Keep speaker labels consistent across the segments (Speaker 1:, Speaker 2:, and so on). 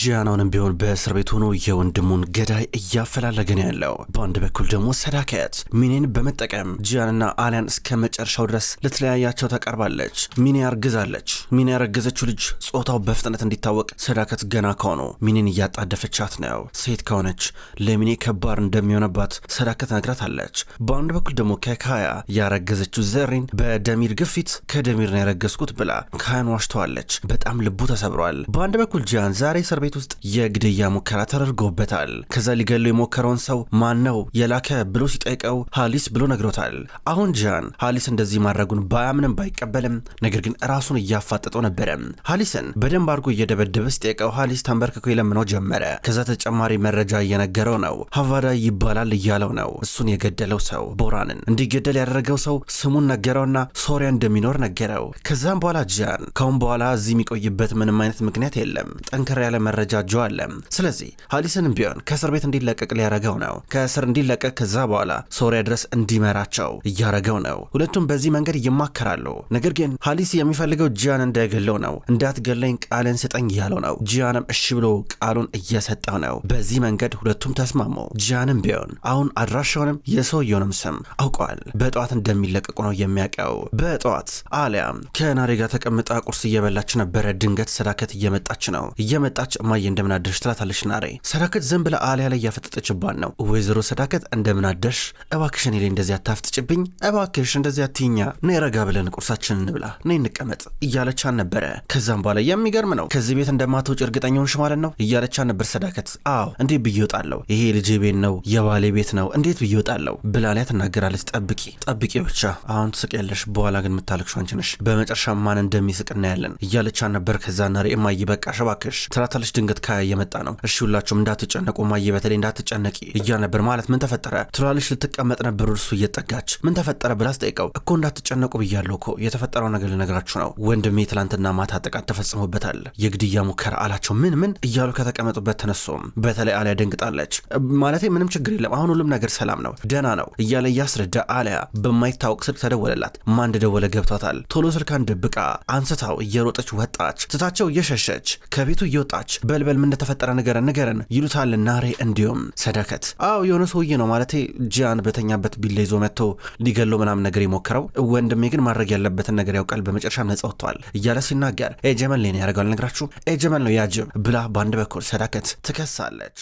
Speaker 1: ጂያን ቢሆን በእስር ቤት ሆኖ የወንድሙን ገዳይ እያፈላለገን ያለው። በአንድ በኩል ደግሞ ሰዳከት ሚኔን በመጠቀም ጂያንና አሊያን እስከ መጨረሻው ድረስ ልትለያያቸው ተቃርባለች። ሚኔ አርግዛለች። ሚኔ ያረገዘችው ልጅ ጾታው በፍጥነት እንዲታወቅ ሰዳከት ገና ከሆኑ ሚኔን እያጣደፈቻት ነው። ሴት ከሆነች ለሚኔ ከባድ እንደሚሆነባት ሰዳከት ነግራታለች። በአንድ በኩል ደግሞ ከካያ ያረገዘችው ዘሬን በደሚር ግፊት ከደሚር ነው ያረገዝኩት ብላ ካያን ዋሽተዋለች። በጣም ልቡ ተሰብሯል። በአንድ በኩል ጂያን ዛሬ እስር ቤት ውስጥ የግድያ ሙከራ ተደርጎበታል። ከዛ ሊገለው የሞከረውን ሰው ማን ነው የላከ ብሎ ሲጠይቀው ሀሊስ ብሎ ነግሮታል። አሁን ጃን ሀሊስ እንደዚህ ማድረጉን ባያምንም ባይቀበልም ነገር ግን ራሱን እያፋጠጠው ነበረ። ሀሊስን በደንብ አድርጎ እየደበደበ ሲጠይቀው ሀሊስ ተንበርክኮ የለምነው ጀመረ። ከዛ ተጨማሪ መረጃ እየነገረው ነው። ሀቫዳ ይባላል እያለው ነው እሱን የገደለው ሰው ቦራንን እንዲገደል ያደረገው ሰው ስሙን ነገረውና ሶሪያ እንደሚኖር ነገረው። ከዛም በኋላ ጃን ከአሁን በኋላ እዚህ የሚቆይበት ምንም አይነት ምክንያት የለም ጠንከር ያለ መረጃ ጆ አለ። ስለዚህ ሀሊስንም ቢሆን ከእስር ቤት እንዲለቀቅ ሊያረገው ነው። ከእስር እንዲለቀቅ ከዛ በኋላ ሶሪያ ድረስ እንዲመራቸው እያረገው ነው። ሁለቱም በዚህ መንገድ ይማከራሉ። ነገር ግን ሀሊስ የሚፈልገው ጂያን እንዳይገለው ነው። እንዳትገለኝ ቃልን ስጠኝ ያለው ነው። ጂያንም እሺ ብሎ ቃሉን እየሰጠው ነው። በዚህ መንገድ ሁለቱም ተስማሙ። ጂያንም ቢሆን አሁን አድራሻውንም የሰውየውንም ስም አውቀዋል። በጠዋት እንደሚለቀቁ ነው የሚያውቀው። በጠዋት አሊያም ከናሬ ጋር ተቀምጣ ቁርስ እየበላች ነበረ። ድንገት ሰዳከት እየመጣች ነው እየመጣች እማዬ እንደምናደርሽ ትላታለች ናሬ። ሰዳከት ዘን ብላ አሊያ ላይ እያፈጠጠችባት ነው። ወይዘሮ ሰዳከት እንደምናደርሽ፣ እባክሽ እኔ ላይ እንደዚህ አታፍጥጭብኝ፣ እባክሽ እንደዚህ አትይኛ፣ ነይ ረጋ ብለን ቁርሳችን እንብላ፣ ነይ እንቀመጥ እያለቻን ነበረ። ከዛም በኋላ የሚገርም ነው ከዚህ ቤት እንደማትወጪ እርግጠኛ ሆንሽ ማለት ነው እያለቻን ነበር ሰዳከት። አዎ እንዴት ብዬ እወጣለሁ? ይሄ ልጄ ቤት ነው የባሌ ቤት ነው፣ እንዴት ብዬ እወጣለሁ ብላ አሊያ ትናገራለች። ጠብቂ ጠብቂ ብቻ አሁን ትስቂያለሽ፣ በኋላ ግን የምታለቅሺው አንቺ ነሽ። በመጨረሻ ማን እንደሚስቅ እናያለን እያለቻን ነበር። ከዛ ናሬ እማዬ በቃ እባክሽ ትላታለች ትላለች። ድንገት ከያ እየመጣ ነው። እሺ ሁላችሁም እንዳትጨነቁ ማየ በተለይ እንዳትጨነቂ እያ ነበር ማለት ምን ተፈጠረ ትላለች። ልትቀመጥ ነበር እርሱ እየጠጋች ምን ተፈጠረ ብላ አስጠይቀው እኮ እንዳትጨነቁ ብያለሁ እኮ የተፈጠረው ነገር ልነግራችሁ ነው። ወንድሜ ትላንትና ማታ ጥቃት ተፈጽሞበታል የግድያ ሙከራ አላቸው። ምን ምን እያሉ ከተቀመጡበት ተነሱም። በተለይ አሊያ ደንግጣለች። ማለቴ ምንም ችግር የለም አሁን ሁሉም ነገር ሰላም ነው ደና ነው እያለ እያስረዳ አሊያ በማይታወቅ ስልክ ተደወለላት። ማን እንደደወለ ገብቷታል። ቶሎ ስልካን ደብቃ አንስታው እየሮጠች ወጣች። ትታቸው እየሸሸች ከቤቱ እየወጣች በልበል ምን እንደተፈጠረ ነገር ንገረን ይሉታል ናሬ። እንዲሁም ሰዳከት አዎ የሆነ ሰውዬ ነው ማለቴ ጂያን በተኛበት ቢላ ይዞ መጥቶ ሊገለው ምናምን ነገር የሞከረው ወንድሜ ግን ማድረግ ያለበትን ነገር ያውቃል፣ በመጨረሻም ነጻ ወጥተዋል እያለ ሲናገር ኤጀመል ሌን ያደርገዋል። ነግራችሁ ኤጀመል ነው ያጅም ብላ በአንድ በኩል ሰዳከት ትከሳለች፣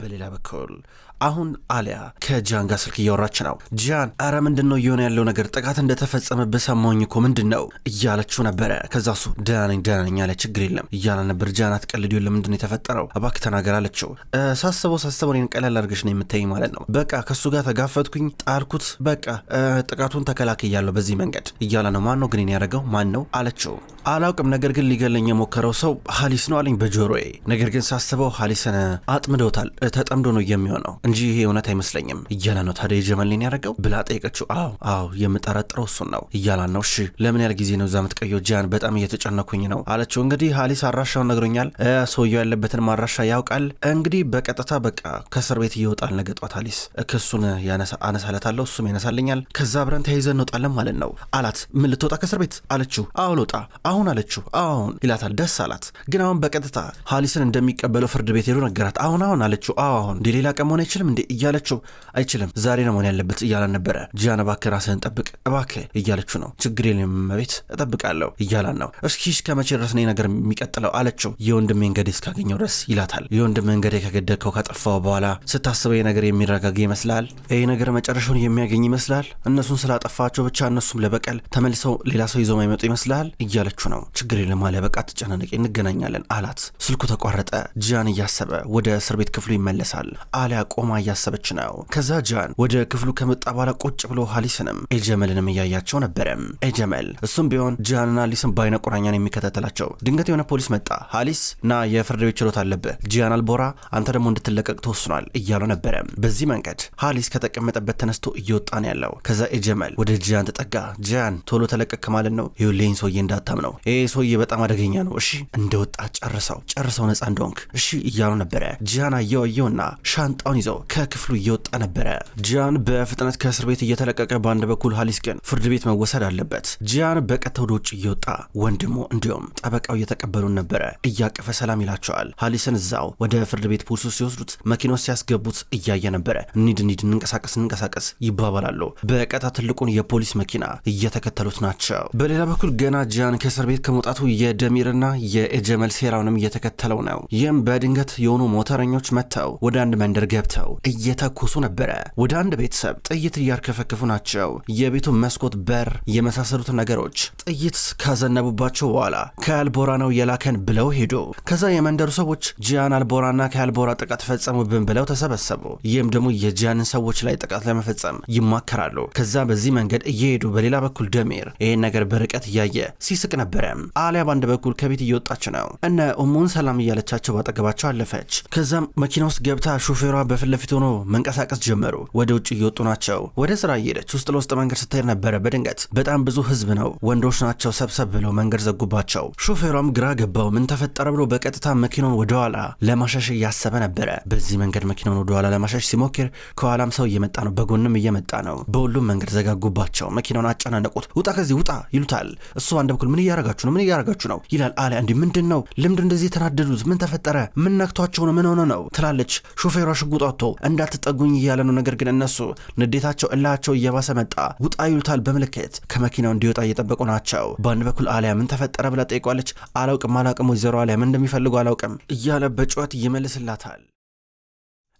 Speaker 1: በሌላ በኩል አሁን አሊያ ከጃን ጋር ስልክ እያወራች ነው። ጃን አረ ምንድን ነው እየሆነ ያለው ነገር? ጥቃት እንደተፈጸመ በሰማኝ እኮ ምንድን ነው እያለችው ነበረ። ከዛ እሱ ደህና ነኝ ደህና ነኝ አለ ችግር የለም እያለ ነበር። ጃን አትቀልድ፣ ለምንድን ነው የተፈጠረው? እባክህ ተናገር አለችው። ሳስበው ሳስበው እኔን ቀላል አድርገሽ ነው የምታይ ማለት ነው። በቃ ከእሱ ጋር ተጋፈጥኩኝ፣ ጣልኩት፣ በቃ ጥቃቱን ተከላክያለሁ በዚህ መንገድ እያለ ነው። ማን ነው ግን ያደረገው? ማን ነው አለችው። አላውቅም፣ ነገር ግን ሊገለኝ የሞከረው ሰው ሀሊስ ነው አለኝ በጆሮዬ። ነገር ግን ሳስበው ሀሊስን አጥምደውታል፣ ተጠምዶ ነው የሚሆነው እንጂ ይሄ እውነት አይመስለኝም እያለ ነው። ታዲያ የጀመልን ያደረገው ብላ ጠየቀችው። አዎ አዎ የምጠረጥረው እሱን ነው እያላን ነው። እሺ ለምን ያህል ጊዜ ነው እዛ ቀዮ ጃን በጣም እየተጨነኩኝ ነው አለችው። እንግዲህ ሀሊስ አድራሻውን ነግሮኛል። ሰውየው ያለበትን ማድራሻ ያውቃል። እንግዲህ በቀጥታ በቃ ከእስር ቤት እየወጣል ነገጧት። አሊስ። ክሱን አነሳለታለሁ፣ እሱም ያነሳልኛል። ከዛ አብረን ተያይዘን እንወጣለን ማለት ነው አላት። ምን ልትወጣ ከእስር ቤት አለችው። አዎ ልወጣ አሁን አለችው። አሁን ይላታል። ደስ አላት። ግን አሁን በቀጥታ ሀሊስን እንደሚቀበለው ፍርድ ቤት ሄዶ ነገራት። አሁን አሁን አለችው። አዎ አሁን እንዲህ ሌላ ቀን መሆን አይችልም አይችልም እንዴ እያለችው አይችልም ዛሬ ነው መሆን ያለበት እያላን ነበረ። ጂያን እባክህ ራስህን ጠብቅ እባክህ እያለችው ነው። ችግር የለም እመቤት እጠብቃለሁ እያላን ነው። እስኪ እስከ መቼ ድረስ ነው ነገር የሚቀጥለው አለችው። የወንድሜ እንገዴ እስካገኘው ድረስ ይላታል። የወንድሜ እንገዴ ከገደልከው ካጠፋው በኋላ ስታስበው ይህ ነገር የሚረጋግ ይመስላል? ይህ ነገር መጨረሻውን የሚያገኝ ይመስላል? እነሱን ስላጠፋቸው ብቻ እነሱም ለበቀል ተመልሰው ሌላ ሰው ይዘው ማይመጡ ይመስላል እያለችው ነው። ችግር የለም አለ። በቃ ትጨናነቅ እንገናኛለን አላት። ስልኩ ተቋረጠ። ጂያን እያሰበ ወደ እስር ቤት ክፍሉ ይመለሳል። አሊያ ቆማ ቆማ እያሰበች ነው። ከዛ ጃን ወደ ክፍሉ ከመጣ በኋላ ቁጭ ብሎ ሀሊስንም ኤጀመልንም እያያቸው ነበረ። ኤጀመል እሱም ቢሆን ጃንና ሀሊስን በአይነ ቁራኛን የሚከታተላቸው። ድንገት የሆነ ፖሊስ መጣ። ሀሊስ ና የፍርድ ቤት ችሎት አለብህ፣ ጂያን አልቦራ አንተ ደግሞ እንድትለቀቅ ተወስኗል እያሉ ነበረ። በዚህ መንገድ ሀሊስ ከተቀመጠበት ተነስቶ እየወጣ ነው ያለው። ከዛ ኤጀመል ወደ ጂያን ተጠጋ። ጂያን ቶሎ ተለቀቅ ማለት ነው። ይሁ ሰውዬ እንዳታም ነው ይህ ሰውዬ በጣም አደገኛ ነው። እሺ እንደወጣ ጨርሰው ጨርሰው ነፃ እንደሆንክ እሺ እያሉ ነበረ። ጂያን አየው አየውና ሻንጣውን ይዘው ከክፍሉ እየወጣ ነበረ። ጂያን በፍጥነት ከእስር ቤት እየተለቀቀ በአንድ በኩል ሀሊስ ግን ፍርድ ቤት መወሰድ አለበት። ጂያን በቀጥታ ወደ ውጭ እየወጣ ወንድሙ እንዲሁም ጠበቃው እየተቀበሉን ነበረ። እያቀፈ ሰላም ይላቸዋል። ሀሊስን እዛው ወደ ፍርድ ቤት ፖሊሱ ሲወስዱት መኪና ሲያስገቡት እያየ ነበረ። እንሂድ እንሂድ፣ እንንቀሳቀስ እንንቀሳቀስ ይባባላሉ። በቀታ ትልቁን የፖሊስ መኪና እየተከተሉት ናቸው። በሌላ በኩል ገና ጂያን ከእስር ቤት ከመውጣቱ የደሚርና የኤጀመል ሴራውንም እየተከተለው ነው። ይህም በድንገት የሆኑ ሞተረኞች መጥተው ወደ አንድ መንደር ገብተው አግኝተው እየተኮሱ ነበረ። ወደ አንድ ቤተሰብ ጥይት እያርከፈከፉ ናቸው። የቤቱ መስኮት፣ በር የመሳሰሉት ነገሮች ጥይት ካዘነቡባቸው በኋላ ከአልቦራ ነው የላከን ብለው ሄዱ። ከዛ የመንደሩ ሰዎች ጂያን አልቦራና ከአልቦራ ጥቃት ፈጸሙብን ብለው ተሰበሰቡ። ይህም ደግሞ የጂያንን ሰዎች ላይ ጥቃት ለመፈጸም ይማከራሉ። ከዛ በዚህ መንገድ እየሄዱ በሌላ በኩል ደሜር ይህን ነገር በርቀት እያየ ሲስቅ ነበረ። አሊያ በአንድ በኩል ከቤት እየወጣች ነው። እነ ኡሙን ሰላም እያለቻቸው ባጠገባቸው አለፈች። ከዛም መኪና ውስጥ ገብታ ሹፌሯ በፍ ለፊት ሆኖ መንቀሳቀስ ጀመሩ። ወደ ውጭ እየወጡ ናቸው። ወደ ስራ እየሄደች ውስጥ ለውስጥ መንገድ ስትሄድ ነበረ። በድንገት በጣም ብዙ ህዝብ ነው፣ ወንዶች ናቸው። ሰብሰብ ብለው መንገድ ዘጉባቸው። ሾፌሯም ግራ ገባው። ምን ተፈጠረ ብሎ በቀጥታ መኪናውን ወደኋላ ለማሻሽ እያሰበ ነበረ። በዚህ መንገድ መኪናውን ወደኋላ ለማሻሽ ሲሞክር ከኋላም ሰው እየመጣ ነው፣ በጎንም እየመጣ ነው። በሁሉም መንገድ ዘጋጉባቸው። መኪናውን አጨናነቁት። ውጣ ከዚህ ውጣ ይሉታል። እሱ አንድ በኩል ምን እያረጋችሁ ነው? ምን እያረጋችሁ ነው ይላል። አሊያ እንዲህ ምንድን ነው ልምድ እንደዚህ የተናደዱት? ምን ተፈጠረ? ምን ነክቷቸው ነው? ምን ሆነ ነው ትላለች። ሾፌሯ ሽጉጧ ወጥቶ እንዳትጠጉኝ እያለ ነው። ነገር ግን እነሱ ንዴታቸው እላቸው እየባሰ መጣ። ውጣ ይሉታል በምልክት ከመኪናው እንዲወጣ እየጠበቁ ናቸው። በአንድ በኩል አሊያ ምን ተፈጠረ ብላ ጠይቋለች። አላውቅም አላውቅም፣ ወይዘሮ አሊያ ምን እንደሚፈልጉ አላውቅም እያለ በጩኸት ይመልስላታል።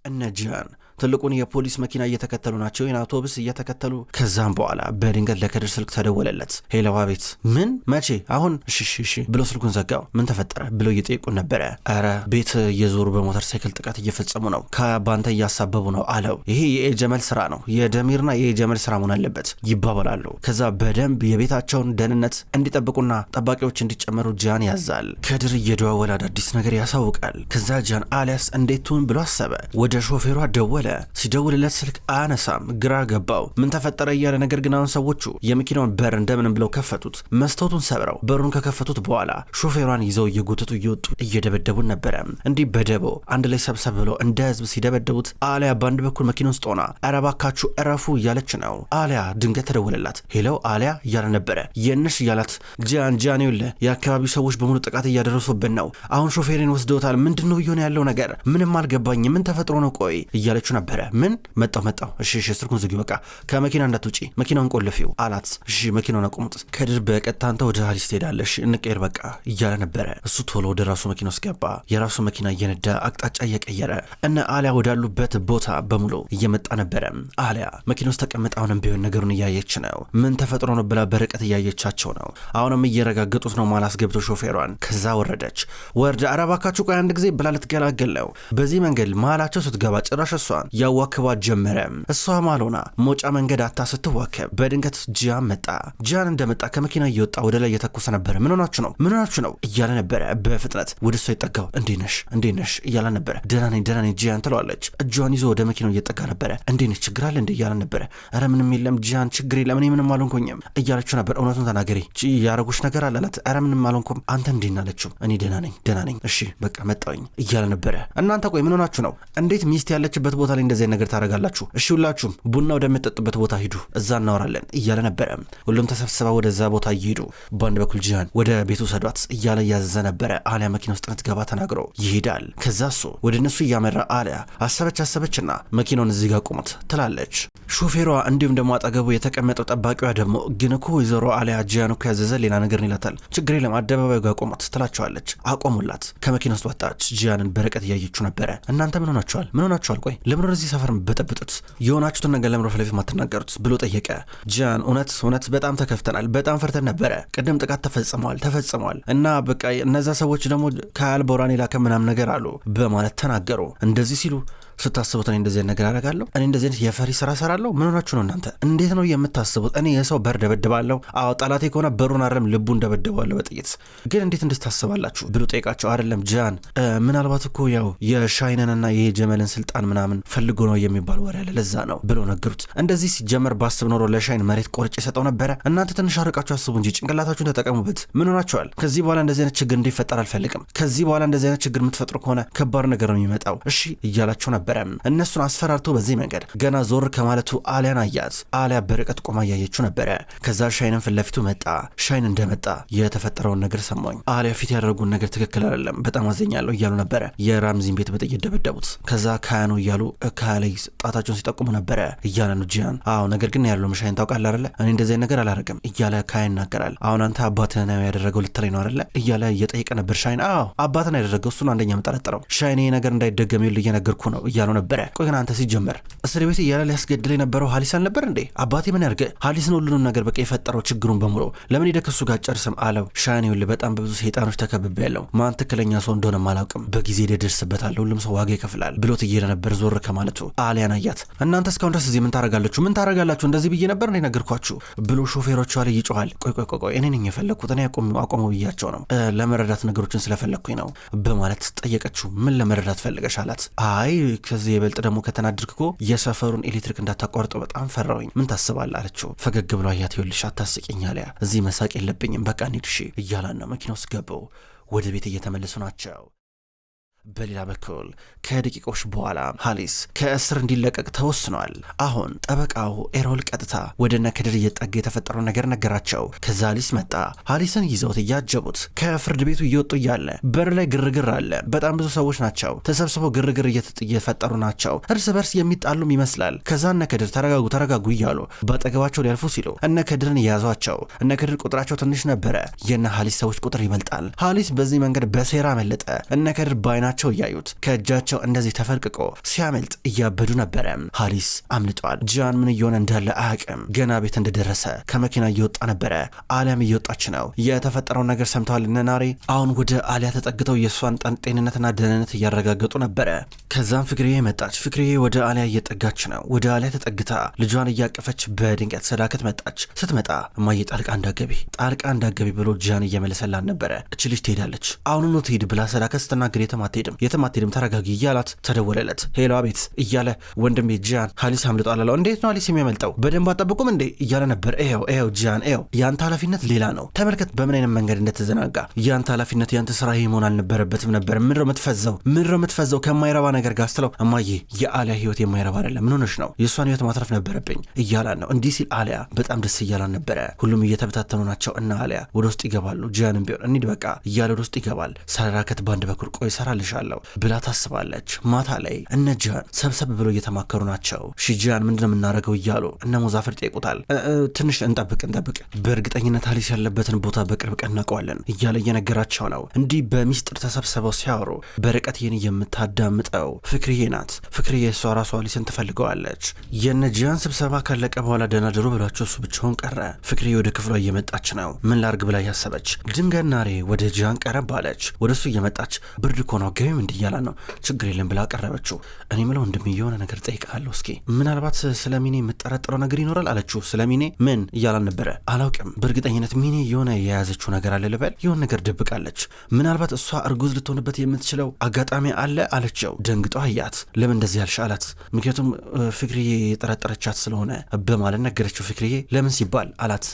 Speaker 1: እነ ጂያን ትልቁን የፖሊስ መኪና እየተከተሉ ናቸው፣ ይህን አውቶቡስ እየተከተሉ ከዛም በኋላ በድንገት ለከድር ስልክ ተደወለለት። ሄለዋ ቤት ምን መቼ አሁን ሽሽሽ ብሎ ስልኩን ዘጋው። ምን ተፈጠረ ብሎ እየጠየቁን ነበረ። ኧረ ቤት እየዞሩ በሞተር ሳይክል ጥቃት እየፈጸሙ ነው፣ ከባንተ እያሳበቡ ነው አለው። ይሄ የኤጀመል ስራ ነው፣ የደሚርና የኤጀመል ስራ መሆን አለበት ይባባላሉ። ከዛ በደንብ የቤታቸውን ደህንነት እንዲጠብቁና ጠባቂዎች እንዲጨመሩ ጃን ያዛል። ከድር እየደዋወለ አዳዲስ ነገር ያሳውቃል። ከዛ ጃን አሊያስ እንዴቱን ብሎ አሰበ። ወደ ሾፌሯ ደወለ። ሲደውልለት ስልክ አያነሳም ግራ ገባው። ምን ተፈጠረ እያለ ነገር ግን አሁን ሰዎቹ የመኪናውን በር እንደምንም ብለው ከፈቱት። መስታወቱን ሰብረው በሩን ከከፈቱት በኋላ ሾፌሯን ይዘው እየጎተቱ እየወጡ እየደበደቡን ነበረ። እንዲህ በደቦ አንድ ላይ ሰብሰብ ብለው እንደ ህዝብ ሲደበደቡት፣ አሊያ በአንድ በኩል መኪና ውስጥ ሆና እረባካችሁ እረፉ እያለች ነው። አሊያ ድንገት ተደወለላት። ሄለው አሊያ እያለ ነበረ የነሽ እያላት ጃን ጃን ይኸውልህ የአካባቢው ሰዎች በሙሉ ጥቃት እያደረሱብን ነው። አሁን ሾፌሬን ወስደውታል። ምንድን ነው እየሆነ ያለው ነገር? ምንም አልገባኝ። ምን ተፈጥሮ ነው? ቆይ እያለች ነበረ። ምን መጣው መጣው፣ እሺ እሺ፣ ስልኩን ዝጊው፣ በቃ ከመኪና እንዳትውጪ፣ መኪናውን ቆልፊው አላት። እሺ መኪናውን አቁሙት፣ ከድር በቀጥታ አንተ ወደ ሀሊስ ትሄዳለሽ፣ እንቀይር በቃ እያለ ነበረ። እሱ ቶሎ ወደ ራሱ መኪና ውስጥ ገባ። የራሱ መኪና እየነዳ አቅጣጫ እየቀየረ እነ አሊያ ወዳሉበት ቦታ በሙሉ እየመጣ ነበረ። አሊያ መኪና ውስጥ ተቀምጣ አሁንም ቢሆን ነገሩን እያየች ነው። ምን ተፈጥሮ ነው ብላ በርቀት እያየቻቸው ነው። አሁንም እየረጋገጡት ነው ማላስ ገብቶ ሾፌሯን። ከዛ ወረደች። ወርድ አረባካችሁ ቆይ አንድ ጊዜ ብላ ልትገላገል ነው። በዚህ መንገድ መሀላቸው ስትገባ ጭራሽ እሷ ፊቷን ያዋክባት ጀመረ። እሷ ማሎና መውጫ መንገድ አታ ስትዋከብ በድንገት ጂያን መጣ። ጂያን እንደመጣ ከመኪና እየወጣ ወደ ላይ እየተኮሰ ነበረ። ምን ሆናችሁ ነው? ምን ሆናችሁ ነው እያለ ነበረ። በፍጥነት ወደ እሷ የጠጋው እንዴት ነሽ? እንዴት ነሽ እያለ ነበረ። ደህና ነኝ፣ ደህና ነኝ ጂያን ትለዋለች። እጇን ይዞ ወደ መኪናው እየጠጋ ነበረ። እንዴት ነሽ? ችግር አለ እንዴ እያለ ነበረ። ኧረ ምንም የለም ጂያን፣ ችግር የለም እኔ ምንም አልሆንኩኝም እያለችው ነበር። እውነቱን ተናገሪ ያረጉሽ ነገር አለ አላት። ኧረ ምንም አልሆንኩም አንተ እንዴት ነህ አለችው። እኔ ደህና ነኝ፣ ደህና ነኝ፣ እሺ በቃ መጣውኝ እያለ ነበረ። እናንተ ቆይ ምን ሆናችሁ ነው? እንዴት ሚስት ያለችበት ቦታ ቦታ ላይ እንደዚህ ነገር ታደርጋላችሁ? እሺ ሁላችሁም ቡና ወደምትጠጡበት ቦታ ሂዱ፣ እዛ እናወራለን እያለ ነበረ። ሁሉም ተሰብስባ ወደዛ ቦታ እየሄዱ በአንድ በኩል ጂሃን ወደ ቤቱ ሰዷት እያለ እያዘዘ ነበረ። አሊያ መኪና ውስጥ እንድትገባ ተናግሮ ይሄዳል። ከዛ እሱ ወደ እነሱ እያመራ አሊያ አሰበች አሰበችና መኪናውን እዚህ ጋር ቁሙት ትላለች። ሾፌሯ እንዲሁም ደግሞ አጠገቡ የተቀመጠው ጠባቂዋ ደግሞ ግን እኮ ወይዘሮ አሊያ ጂያን እኮ ያዘዘ ሌላ ነገር ይላታል። ችግር የለም አደባባዩ ጋር ቁሙት ትላቸዋለች። አቆሙላት። ከመኪና ውስጥ ወጣች። ጂያንን በርቀት እያየችው ነበረ። እናንተ ምን ሆናችኋል? ምን ሆናችኋል? ቆይ ለምን እዚህ ሰፈር በጠብጡት የሆናችሁትን ነገር ለምን ለፊት ማትናገሩት ብሎ ጠየቀ። ጃን እውነት እውነት በጣም ተከፍተናል፣ በጣም ፈርተን ነበረ። ቅድም ጥቃት ተፈጽመዋል ተፈጽመዋል እና በቃ እነዛ ሰዎች ደግሞ ከአልቦራን የላከ ምናም ነገር አሉ በማለት ተናገሩ። እንደዚህ ሲሉ ስታስቡት እኔ እንደዚህ ነገር አደርጋለሁ? እኔ እንደዚህ አይነት የፈሪ ስራ ሰራለሁ? ምን ሆናችሁ ነው እናንተ? እንዴት ነው የምታስቡት? እኔ የሰው በር ደበድባለሁ። አዎ ጠላቴ ከሆነ በሩን አይደለም ልቡ ደበድባለሁ በጥይት ግን እንዴት እንድታስባላችሁ ብሎ ጠይቃቸው። አይደለም ጃን፣ ምናልባት እኮ ያው የሻይነንና የጀመልን ስልጣን ምናምን ፈልጎ ነው የሚባል ወሬ አለ፣ ለዛ ነው ብሎ ነገሩት። እንደዚህ ሲጀመር ባስብ ኖሮ ለሻይን መሬት ቆርጬ ሰጠው ነበረ። እናንተ ትንሽ አርቃችሁ አስቡ እንጂ ጭንቅላታችሁን ተጠቀሙበት። ምን ሆናችኋል? ከዚህ በኋላ እንደዚህ አይነት ችግር እንዲፈጠር አልፈልግም። ከዚህ በኋላ እንደዚህ አይነት ችግር የምትፈጥሩ ከሆነ ከባድ ነገር ነው የሚመጣው። እሺ እያላቸው ነበር አልነበረም። እነሱን አስፈራርቶ በዚህ መንገድ ገና ዞር ከማለቱ አሊያን አያዝ። አሊያ በርቀት ቆማ እያየችው ነበረ። ከዛ ሻይንን ፊት ለፊቱ መጣ። ሻይን እንደመጣ የተፈጠረውን ነገር ሰማኝ። አሊያ ፊት ያደረጉን ነገር ትክክል አይደለም፣ በጣም አዘኛለሁ እያሉ ነበረ። የራምዚን ቤት በጥይት ደበደቡት። ከዛ ካያኑ እያሉ ካያ ላይ ጣታቸውን ሲጠቁሙ ነበረ። እያለ ጂያን አዎ፣ ነገር ግን ያለው ሻይን ታውቃለህ አይደለ እኔ እንደዚህ ነገር አላረግም እያለ ካያ ይናገራል። አሁን አንተ አባትህ ነው ያደረገው ልትለኝ ነው አይደለ እያለ እየጠየቀ ነበር ሻይን። አዎ አባትህ ነው ያደረገው፣ እሱን አንደኛ መጠረጠረው ሻይን፣ ይሄ ነገር እንዳይደገም ይሉ እየነገርኩ ነው እያለው ነበረ። ቆይ ግን አንተ ሲጀመር እስር ቤት እያለ ሊያስገድል የነበረው ሀሊስ አልነበር እንዴ? አባቴ ምን ያርገ ሀሊስን ሁሉንም ነገር በቃ የፈጠረው ችግሩን በሙሉ ለምን ሄደ ከሱ ጋር ጨርስም አለው። ሻኔውል በጣም በብዙ ሰይጣኖች ተከብቤ ያለው ማን ትክክለኛ ሰው እንደሆነም አላውቅም። በጊዜ ደደርስበታል፣ ሁሉም ሰው ዋጋ ይከፍላል ብሎት እየለ ነበር። ዞር ከማለቱ አሊያን አያት። እናንተ እስካሁን ድረስ እዚህ ምን ታረጋለችሁ? ምን ታረጋላችሁ? እንደዚህ ብዬ ነበር እንዴ ነገርኳችሁ ብሎ ሾፌሮቹ ላይ ይጮኋል። ቆይ ቆይ ቆይ እኔ ነኝ የፈለግኩት እኔ አቆመው ብያቸው ነው ለመረዳት ነገሮችን ስለፈለግኩኝ ነው በማለት ጠየቀችው። ምን ለመረዳት ፈልገሽ አላት። አይ ከዚህ የበልጥ ደግሞ ከተናድርክ እኮ የሰፈሩን ኤሌክትሪክ እንዳታቋርጠው በጣም ፈራውኝ። ምን ታስባል አለችው። ፈገግ ብሎ አያት። ይኸውልሽ አታስቂኝ አለያ። እዚህ መሳቅ የለብኝም በቃ እንሂድ እሺ እያላን ነው መኪና ውስጥ ገባው። ወደ ቤት እየተመለሱ ናቸው። በሌላ በኩል ከደቂቆች በኋላ ሀሊስ ከእስር እንዲለቀቅ ተወስኗል። አሁን ጠበቃው ኤሮል ቀጥታ ወደ ከድር እየጠጋ የተፈጠረው ነገር ነገራቸው። ከዛ ሀሊስ መጣ። ሀሊስን ይዘውት እያጀቡት ከፍርድ ቤቱ እየወጡ እያለ በር ላይ ግርግር አለ። በጣም ብዙ ሰዎች ናቸው ተሰብስበው ግርግር እየፈጠሩ ናቸው። እርስ በርስ የሚጣሉም ይመስላል። ከዛ እነከድር ተረጋጉ፣ ተረጋጉ እያሉ በአጠገባቸው ሊያልፉ ሲሉ እነከድርን ከድርን እያዟቸው። ቁጥራቸው ትንሽ ነበረ፣ የነ ሀሊስ ሰዎች ቁጥር ይበልጣል። ሀሊስ በዚህ መንገድ በሴራ መለጠ። እነከድር ባይና አይናቸው እያዩት ከእጃቸው እንደዚህ ተፈልቅቆ ሲያመልጥ እያበዱ ነበረ። ሀሪስ አምልጧል። ጃን ምን እየሆነ እንዳለ አያውቅም። ገና ቤት እንደደረሰ ከመኪና እየወጣ ነበረ። አሊያም እየወጣች ነው። የተፈጠረው ነገር ሰምተዋል እነ ናሬ። አሁን ወደ አሊያ ተጠግተው የእሷን ጤንነትና ደህንነት እያረጋገጡ ነበረ። ከዛም ፍቅርዬ መጣች። ፍቅርዬ ወደ አሊያ እየጠጋች ነው። ወደ አሊያ ተጠግታ ልጇን እያቀፈች በድንገት ሰዳከት መጣች። ስትመጣ እማዬ ጣልቃ እንዳገቢ ጣልቃ እንዳገቢ ብሎ ጃን እየመለሰላን ነበረ። እች ልጅ ትሄዳለች፣ አሁኑኑ ትሄድ ብላ ሰዳከት ስትናገር የተማቴ አትሄድም፣ የትም አትሄድም፣ ተረጋጊ እያላት ተደወለለት። ሄሎ አቤት እያለ ወንድሜ ጂያን ሀሊስ አምልጧል አለው። እንዴት ነው አሊስ የሚያመልጠው በደንብ አጠብቁም እንዴ እያለ ነበር። ይኸው ይኸው ጂያን ይኸው የአንተ ኃላፊነት ሌላ ነው። ተመልከት በምን አይነት መንገድ እንደተዘናጋ። የአንተ ኃላፊነት የአንተ ስራ ይሄ መሆን አልነበረበትም ነበር። ምድረ ምትፈዘው ምድረ ምትፈዘው ከማይረባ ነገር ጋር ስትለው እማዬ የአሊያ ህይወት የማይረባ አይደለም። ምን ሆነሽ ነው? የእሷን ህይወት ማትረፍ ነበረብኝ እያላን ነው። እንዲህ ሲል አሊያ በጣም ደስ እያላን ነበረ። ሁሉም እየተበታተኑ ናቸው እና አሊያ ወደ ውስጥ ይገባሉ። ጂያንም ቢሆን እንሂድ በቃ እያለ ወደ ውስጥ ይገባል። ሰራራከት በአንድ በኩል ቆይ ሰራልሽ እወድሻለሁ ብላ ታስባለች። ማታ ላይ እነ ጂያን ሰብሰብ ብለው እየተማከሩ ናቸው። እሺ ምንድን ነው የምናደርገው እያሉ እነ ሞዛፈር ጠይቁታል። ትንሽ እንጠብቅ እንጠብቅ፣ በእርግጠኝነት አሊስ ያለበትን ቦታ በቅርብ ቀን እናውቀዋለን እያለ እየነገራቸው ነው። እንዲህ በሚስጥር ተሰብስበው ሲያወሩ በርቀት ይህን የምታዳምጠው ፍክርዬ ናት። ፍክርዬ እሷ ራሷ አሊስን ትፈልገዋለች። የነ ጂያን ስብሰባ ካለቀ በኋላ ደናድሮ ብሏቸው እሱ ብቻውን ቀረ። ፍክርዬ ወደ ክፍሏ እየመጣች ነው። ምን ላርግ ብላ ያሰበች ድንገት ናሬ ወደ ጂያን ቀረብ አለች። ወደ እሱ እየመጣች ብርድ እኮ ነው አትመገቢም እንዲህ እያላት ነው። ችግር የለም ብላ አቀረበችው። እኔ ምለው ወንድሜ የሆነ ነገር ጠይቃለሁ፣ እስኪ ምናልባት ስለ ሚኔ የምጠረጥረው ነገር ይኖራል አለችው። ስለ ሚኔ ምን እያላት ነበረ? አላውቅም። በእርግጠኝነት ሚኔ የሆነ የያዘችው ነገር አለ ልበል፣ የሆነ ነገር ደብቃለች። ምናልባት እሷ እርጉዝ ልትሆንበት የምትችለው አጋጣሚ አለ አለችው። ደንግጦ አያት። ለምን እንደዚህ ያልሽ አላት። ምክንያቱም ፍቅርዬ የጠረጠረቻት ስለሆነ በማለት ነገረችው። ፍቅርዬ ለምን ሲባል አላት።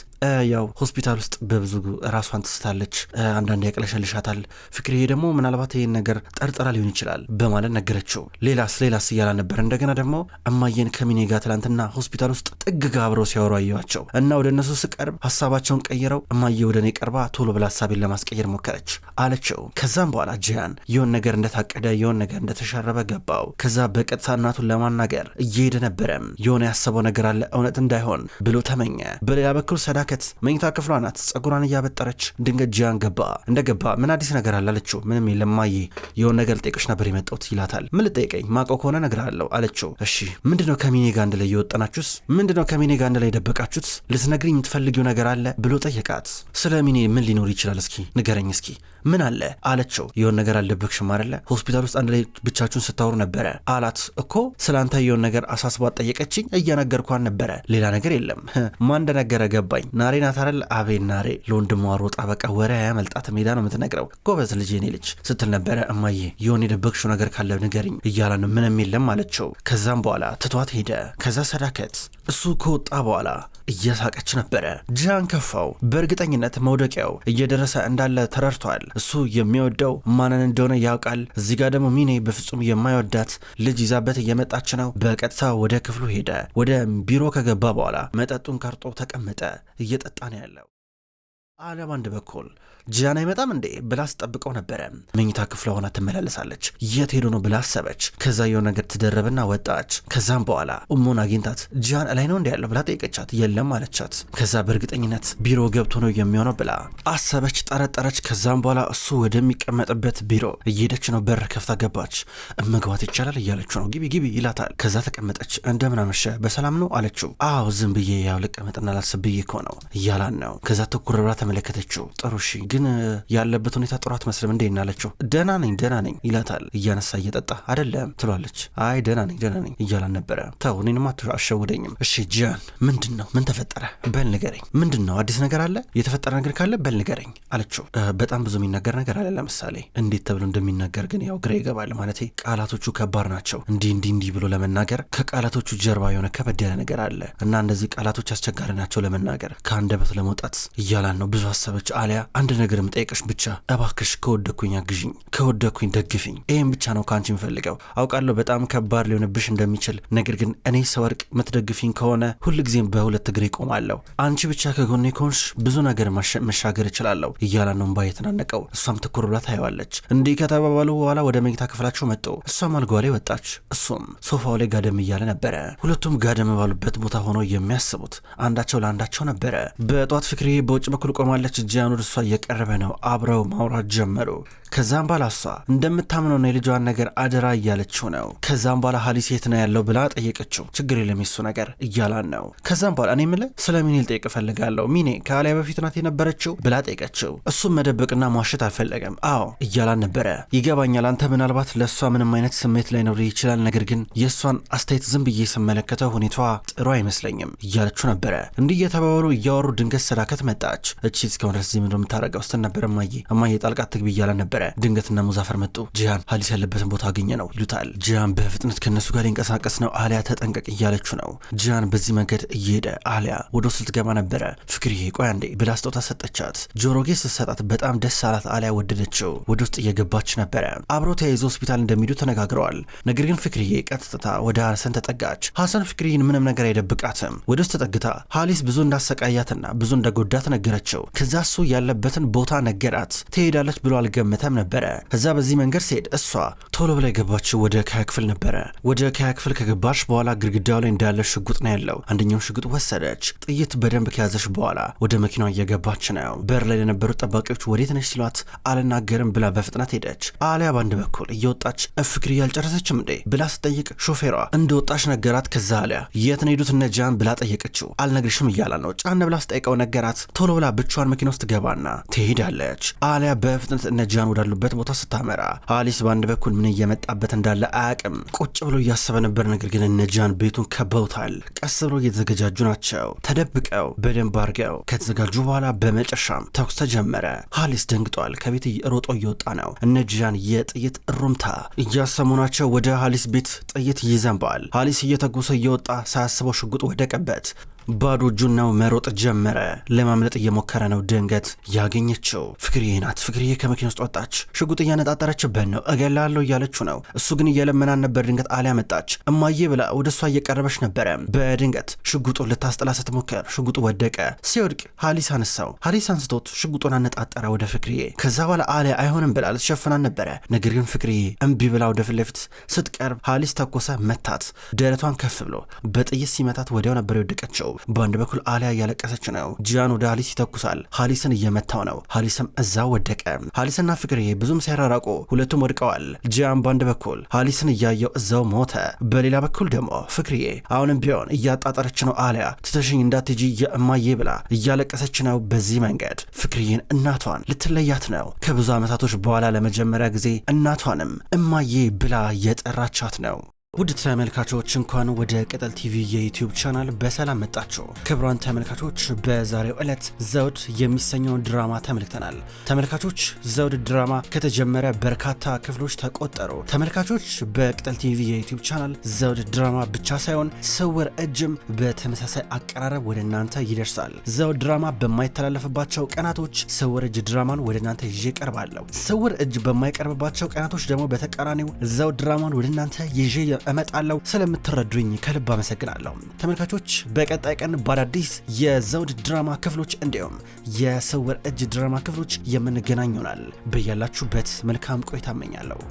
Speaker 1: ያው ሆስፒታል ውስጥ በብዙ ራሷን ትስታለች፣ አንዳንድ ያቅለሸልሻታል። ፍቅርዬ ደግሞ ምናልባት ይህን ነገር ጠርጥራ ሊሆን ይችላል በማለት ነገረችው። ሌላስ ሌላስ እያላ ነበር። እንደገና ደግሞ እማየን ከሚኔ ጋር ትላንትና ሆስፒታል ውስጥ ጥግ ጋ አብረው ሲያወሩ አየዋቸው እና ወደ እነሱ ስቀርብ ሀሳባቸውን ቀይረው እማየ ወደ እኔ ቀርባ ቶሎ ብላ ሀሳቤን ለማስቀየር ሞከረች አለችው። ከዛም በኋላ ጂያን የሆን ነገር እንደታቀደ የሆን ነገር እንደተሸረበ ገባው። ከዛ በቀጥታ እናቱን ለማናገር እየሄደ ነበረም የሆነ ያሰበው ነገር አለ እውነት እንዳይሆን ብሎ ተመኘ። በሌላ በኩል ሰዳ በመመላከት መኝታ ክፍሏ ናት። ጸጉሯን እያበጠረች ድንገት ጂያን ገባ። እንደገባ ምን አዲስ ነገር አለ አለችው። ምንም የለም እማዬ፣ የሆነ ነገር ልጠይቅሽ ነበር የመጣሁት ይላታል። ምን ልጠይቀኝ? ማውቀው ከሆነ እነግርሃለሁ አለችው። እሺ ምንድነው ከሚኔ ጋር አንድ ላይ ምንድነው ከሚኔ ጋር አንድ ላይ የደበቃችሁት? ልትነግሪኝ የምትፈልጊው ነገር አለ ብሎ ጠየቃት። ስለ ሚኔ ምን ሊኖር ይችላል? እስኪ ንገረኝ እስኪ ምን አለ አለችው። የሆን ነገር አልደበቅሽም አይደለ? ሆስፒታል ውስጥ አንድ ላይ ብቻችሁን ስታወሩ ነበረ አላት። እኮ ስላንተ የሆን ነገር አሳስቧት ጠየቀችኝ፣ እያነገርኳን ነበረ። ሌላ ነገር የለም። ማን እንደነገረ ገባኝ። ናሬ ናት አይደል? አቤ ናሬ ለወንድሟ ሮጣ በቃ ወሬ ያመልጣት ሜዳ ነው የምትነግረው። ጎበዝ ልጅ፣ የኔ ልጅ ስትል ነበረ። እማዬ የሆን የደበቅሽው ነገር ካለ ንገርኝ እያለ ነው። ምንም የለም አለችው። ከዛም በኋላ ትቷት ሄደ። ከዛ ሰዳከት እሱ ከወጣ በኋላ እየሳቀች ነበረ። ጃን ከፋው። በእርግጠኝነት መውደቂያው እየደረሰ እንዳለ ተረድቷል። እሱ የሚወደው ማንን እንደሆነ ያውቃል። እዚህ ጋር ደግሞ ሚኔ በፍጹም የማይወዳት ልጅ ይዛበት እየመጣች ነው። በቀጥታ ወደ ክፍሉ ሄደ። ወደ ቢሮ ከገባ በኋላ መጠጡን ቀርጦ ተቀመጠ። እየጠጣ ነው ያለው። አሊያ በአንድ በኩል ጂያን አይመጣም እንዴ ብላ ስጠብቀው ነበረ። መኝታ ክፍለ ሆና ትመላለሳለች። የት ሄዶ ነው ብላ አሰበች። ከዛ የሆነ ነገር ትደረብና ወጣች። ከዛም በኋላ እሙን አግኝታት ጂያን ላይ ነው እንዲ ያለው ብላ ጠየቀቻት። የለም አለቻት። ከዛ በእርግጠኝነት ቢሮ ገብቶ ነው የሚሆነው ብላ አሰበች፣ ጠረጠረች። ከዛም በኋላ እሱ ወደሚቀመጥበት ቢሮ እየሄደች ነው። በር ከፍታ ገባች። መግባት ይቻላል እያለችው ነው። ግቢ ግቢ ይላታል። ከዛ ተቀመጠች። እንደምን አመሸ በሰላም ነው አለችው። አዎ ዝም ብዬ ያው ልቀመጥና ላስብ ብዬ እኮ ነው እያላን ነው። ከዛ ትኩር ብላ ተመለከተችው። ጥሩ እሺ፣ ግን ያለበት ሁኔታ ጥሩ አትመስልም እንዴ እናለችው። ደህና ነኝ ደህና ነኝ ይላታል፣ እያነሳ እየጠጣ አይደለም ትሏለች። አይ ደህና ነኝ ደህና ነኝ እያላን ነበረ። ተው እኔንም አሸውደኝም። እሺ ጂያን፣ ምንድን ነው ምን ተፈጠረ? በል ንገረኝ። ምንድን ነው አዲስ ነገር አለ? የተፈጠረ ነገር ካለ በል ንገረኝ አለችው። በጣም ብዙ የሚናገር ነገር አለ። ለምሳሌ እንዴት ተብሎ እንደሚናገር ግን ያው ግራ ይገባል። ማለቴ ቃላቶቹ ከባድ ናቸው። እንዲህ እንዲህ እንዲህ ብሎ ለመናገር ከቃላቶቹ ጀርባ የሆነ ከበድ ያለ ነገር አለ እና እነዚህ ቃላቶች አስቸጋሪ ናቸው ለመናገር ከአንደበት ለመውጣት እያላን ነው ብዙ አሰበች። አሊያ አንድ ነገር የምጠይቅሽ ብቻ እባክሽ፣ ከወደኩኝ አግዥኝ፣ ከወደኩኝ ደግፊኝ። ይህም ብቻ ነው ከአንቺ የምፈልገው። አውቃለሁ በጣም ከባድ ሊሆንብሽ እንደሚችል፣ ነገር ግን እኔ ሰወርቅ ምትደግፊኝ ከሆነ ሁልጊዜም በሁለት እግሬ ቆማለሁ። አንቺ ብቻ ከጎኔ ከሆንሽ ብዙ ነገር መሻገር እችላለሁ እያላ ነው እምባ የተናነቀው። እሷም ትኩር ብላ ታየዋለች። እንዲህ ከተባባሉ በኋላ ወደ መኝታ ክፍላቸው መጡ። እሷም አልጋ ላይ ወጣች፣ እሱም ሶፋው ላይ ጋደም እያለ ነበረ። ሁለቱም ጋደም ባሉበት ቦታ ሆነው የሚያስቡት አንዳቸው ለአንዳቸው ነበረ። በጠዋት ፍቅሬ በውጭ በኩል ትቆማለች። እጃን ወደ እሷ እየቀረበ ነው። አብረው ማውራት ጀመሩ። ከዛም በኋላ እሷ እንደምታምነውና የልጇን ነገር አደራ እያለችው ነው። ከዛም በኋላ ሀሊስ የት ነው ያለው ብላ ጠየቀችው። ችግር የለም የሱ ነገር እያላን ነው። ከዛም በኋላ እኔ ምለ ስለ ሚኔ ልጠይቅ እፈልጋለሁ ሚኔ ከአሊያ በፊት ናት የነበረችው ብላ ጠየቀችው። እሱም መደበቅና ሟሸት አልፈለገም። አዎ እያላን ነበረ። ይገባኛል አንተ ምናልባት ለእሷ ምንም አይነት ስሜት ላይ ነው ይችላል፣ ነገር ግን የእሷን አስተያየት ዝም ብዬ ስመለከተው ሁኔታዋ ጥሩ አይመስለኝም እያለችው ነበረ። እንዲህ እየተባበሩ እያወሩ ድንገት ሰዳከት መጣች። ነበረች። እስካሁን ድረስ እዚህ ምንድነው የምታደርገው ነበረ እማዬ እማዬ ጣልቃ ትግብ እያለ ነበረ። ድንገትና ሙዛፈር መጡ። ጂያን ሀዲስ ያለበትን ቦታ አገኘ ነው ይሉታል። ጂያን በፍጥነት ከእነሱ ጋር ሊንቀሳቀስ ነው። አሊያ ተጠንቀቅ እያለችው ነው። ጂያን በዚህ መንገድ እየሄደ አሊያ ወደ ውስጥ ልትገባ ነበረ። ፍክርዬ ቆይ አንዴ ብላ ስጦታ ሰጠቻት። ጆሮጌ ስትሰጣት በጣም ደስ አላት። አሊያ ወደደችው። ወደ ውስጥ እየገባች ነበረ። አብሮ ተያይዞ ሆስፒታል እንደሚሄዱ ተነጋግረዋል። ነገር ግን ፍክርዬ ቀጥታ ወደ ሀሰን ተጠጋች። ሀሰን ፍቅርዬን ምንም ነገር አይደብቃትም። ወደ ውስጥ ተጠግታ ሀሊስ ብዙ እንዳሰቃያትና ብዙ እንደጎዳ ተነገረችው። ከዛ እሱ ያለበትን ቦታ ነገራት። ትሄዳለች ብሎ አልገምተም ነበረ። ከዛ በዚህ መንገድ ሲሄድ እሷ ቶሎ ብላ የገባችው ወደ ካያ ክፍል ነበረ። ወደ ካያ ክፍል ከገባች በኋላ ግድግዳው ላይ እንዳለ ሽጉጥ ነው ያለው። አንደኛው ሽጉጥ ወሰደች። ጥይት በደንብ ከያዘች በኋላ ወደ መኪና እየገባች ነው። በር ላይ የነበሩት ጠባቂዎች ወዴት ነች ሲሏት አልናገርም ብላ በፍጥነት ሄደች። አሊያ በአንድ በኩል እየወጣች እፍክሪ ያልጨረሰችም እንዴ ብላ ስጠይቅ ሾፌሯ እንደወጣች ነገራት። ከዛ አሊያ የት ነው ሄዱት እነ ጃን ብላ ጠየቀችው። አልነግርሽም እያላ ነው ጫን ብላ ስጠይቀው ነገራት። ቶሎ ብላ ብቻ ብቻዋን መኪና ውስጥ ገባና ትሄዳለች። አሊያ በፍጥነት እነጃን ወዳሉበት ቦታ ስታመራ አሊስ በአንድ በኩል ምን እየመጣበት እንዳለ አያቅም። ቁጭ ብሎ እያሰበ ነበር። ነገር ግን እነጃን ቤቱን ከበውታል። ቀስ ብሎ እየተዘገጃጁ ናቸው። ተደብቀው በደንብ አድርገው ከተዘጋጁ በኋላ በመጨረሻም ተኩስ ተጀመረ። አሊስ ደንግጧል። ከቤት ሮጦ እየወጣ ነው። እነጃን የጥይት እሩምታ እያሰሙ ናቸው። ወደ አሊስ ቤት ጥይት ይዘንባል። አሊስ እየተጎሰ እየወጣ ሳያስበው ሽጉጥ ወደቀበት። ባዶ እጁን ነው መሮጥ ጀመረ። ለማምለጥ እየሞከረ ነው ድንገት ያገኘችው። ፍቅርዬ ናት። ፍቅርዬ ከመኪና ውስጥ ወጣች። ሽጉጥ እያነጣጠረችበት ነው። እገላለሁ እያለችው ነው። እሱ ግን እየለመናን ነበር። ድንገት አሊያ መጣች። እማዬ ብላ ወደ እሷ እየቀረበች ነበረ። በድንገት ሽጉጡ ልታስጥላ ስትሞክር ሽጉጡ ወደቀ። ሲወድቅ ሀሊስ አነሳው። ሀሊስ አንስቶት ሽጉጡን አነጣጠረ ወደ ፍቅርዬ። ከዛ በኋላ አሊያ አይሆንም ብላ ልትሸፍናን ነበረ። ነገር ግን ፍቅርዬ እምቢ ብላ ወደ ፊት ለፊት ስትቀርብ ሀሊስ ተኮሰ፣ መታት። ደረቷን ከፍ ብሎ በጥይት ሲመታት ወዲያው ነበር የወደቀችው። በአንድ በኩል አሊያ እያለቀሰች ነው። ጂያን ወደ ሀሊስ ይተኩሳል። ደርሶታል። ሀሊስን እየመታው ነው። ሀሊስም እዛ ወደቀ። ሀሊስና ፍቅርዬ ብዙም ሳይራራቁ ሁለቱም ወድቀዋል። ጂያን በአንድ በኩል ሀሊስን እያየው እዛው ሞተ። በሌላ በኩል ደግሞ ፍቅርዬ አሁንም ቢሆን እያጣጠረች ነው። አሊያ ትተሽኝ እንዳትጂ የእማዬ ብላ እያለቀሰች ነው። በዚህ መንገድ ፍቅርዬን እናቷን ልትለያት ነው። ከብዙ ዓመታቶች በኋላ ለመጀመሪያ ጊዜ እናቷንም እማዬ ብላ የጠራቻት ነው። ውድ ተመልካቾች እንኳን ወደ ቅጠል ቲቪ የዩቲዩብ ቻናል በሰላም መጣችሁ። ክቡራን ተመልካቾች በዛሬው ዕለት ዘውድ የሚሰኘውን ድራማ ተመልክተናል። ተመልካቾች ዘውድ ድራማ ከተጀመረ በርካታ ክፍሎች ተቆጠሩ። ተመልካቾች በቅጠል ቲቪ የዩቲዩብ ቻናል ዘውድ ድራማ ብቻ ሳይሆን ስውር እጅም በተመሳሳይ አቀራረብ ወደ እናንተ ይደርሳል። ዘውድ ድራማ በማይተላለፍባቸው ቀናቶች ስውር እጅ ድራማን ወደ እናንተ ይዤ ቀርባለሁ። ስውር እጅ በማይቀርብባቸው ቀናቶች ደግሞ በተቃራኒው ዘውድ ድራማን ወደ እናንተ ይዤ እመጣለሁ። ስለምትረዱኝ ከልብ አመሰግናለሁ። ተመልካቾች በቀጣይ ቀን በአዳዲስ የዘውድ ድራማ ክፍሎች እንዲሁም የስውር እጅ ድራማ ክፍሎች የምንገናኝ ይሆናል። በያላችሁበት መልካም ቆይታ እመኛለሁ።